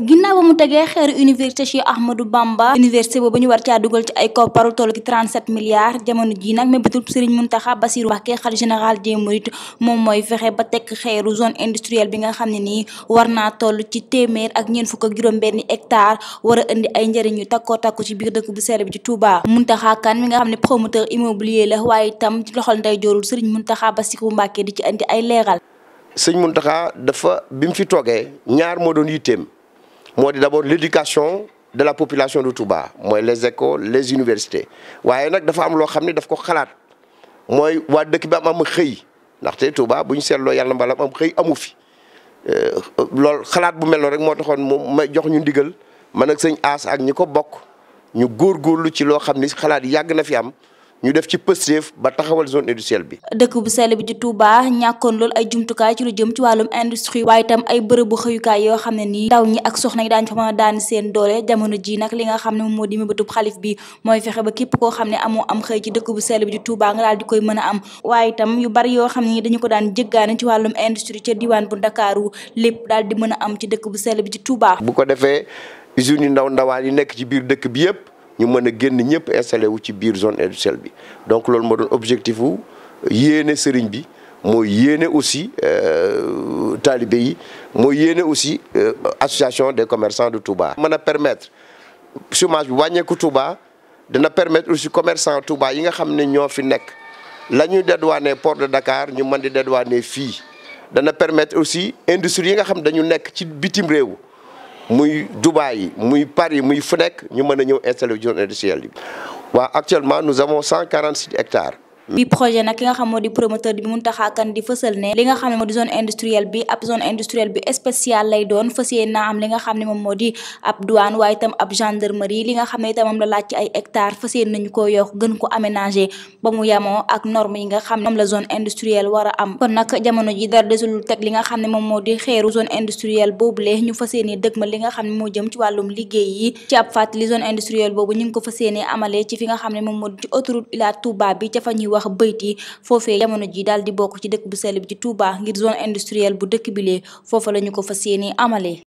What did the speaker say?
ginnaaw ba mu tegee xeeru université Cheikh Ahmadou Bamba université boobu ñu war caa dugal ci ay kopparu toll ci 37 milliards jamono ji nag mébétub Serigne Mountakha Bassirou Mbacké xalifa général des mourides moom mooy fexe ba tekk xeeru zone industrielle bi nga xam ne nii war naa toll ci téeméer ak ñeent fukk ak juróom-benn hectare war a indi ay njëriñ yu takkoo takku ci biir dëkk bu sell bi ci Touba Mountakha Kane mi nga xam ne promoteur immobilier la waaye itam ci loxol nday joorul Serigne Mountakha Bassirou Mbacké di ci indi ay leeral Serigne Mountakha dafa bi mu fi toogee ñaar moo doon moo di d'abord l'éducation de la population de Touba mooy les écoles les universités waaye nag dafa am loo xam ne daf ko xalaat mooy waa dëkk bi am am xëy ndaxte Touba bu ñu seetloo yàlla mbala am xëy amu fi euh, loolu xalaat bu mel noonu rek moo taxoon moom may jox ñu ndigal man ak sëñ aas ak ñi ko bokk ñu góor góorgóorlu ci loo xam ni xalaat yàgg na fi am ñu def ci pëstéef ba taxawal zone industrielle bi. dëkk bu sell bi ci Touba ñàkkoon loolu ay jumtukaay ci lu jëm ci wàllum industrie waaye itam ay bërëbu xëyukaay yoo xam ne nii ndaw ñi ak soxna yi daañu fa mën daan seen doole jamono ji nag li nga xam ne moom moo di mébétub xalif bi mooy fexe ba képp koo xam ne amoo am xëy ci dëkk bu sell bi ci Touba nga daal di koy mën a am waaye tam yu bari yoo xam ne dañu ko daan jëggaane ci wàllum industrie ca diwaan bu Ndakaaru lépp daal di mën a am ci dëkk bu sell bi ci Touba bu ko defee usine yu ndaw ndawaan yi nekk ci biir dëkk bi yëpp ñu mën a génn ñëpp installé wu ci biir zone industrielle bi donc loolu moo doon objectif wu yéene sëriñ bi mooy yéene aussi euh, taalibe yi mooy yéene aussi euh, association des commerçants de Touba. mën a permettre chômage bi wàññeeku Touba dana permettre aussi commerçant Touba yi nga xam ne ñoo fi nekk la ñuy dédouaner port de Dakar ñu mën di dédouaner fii dana permettre aussi industrie yi nga xam dañu nekk ci bitim réew. muy Dubaï muy Paris muy fu nekk ñu mën a ñëw installé zone industrielle bi waaw actuellement nous avons 146 hectares bi projet nag ki nga xam moo di promoteur bi Mountakha Kane di fësal ne li nga xam ne moo di zone industrielle bi ab zone industrielle bi spéciale na xam ne moom moo di ab douane waaye itam ab gendarmerie li nga xam ne moom la laaj ci ay hectares fas yéene nañu ko a am kon moo di xeeru zone industrielle boobule ñu fas yéene dëgmal li nga xam ne moo jëm ci wàllum liggéey ci ab fàttali zone industrielle boobu ñu ko fas yéene ci fi nga xam ne moom moo di ci autoroute Ila bi ca ñuy wax wax bayti foofee jamono ji daal di bokk ci dëkk bu sell bi ci Touba ngir zone industrielle bu dëkk bilee foofa la ñu ko fas yéene amalee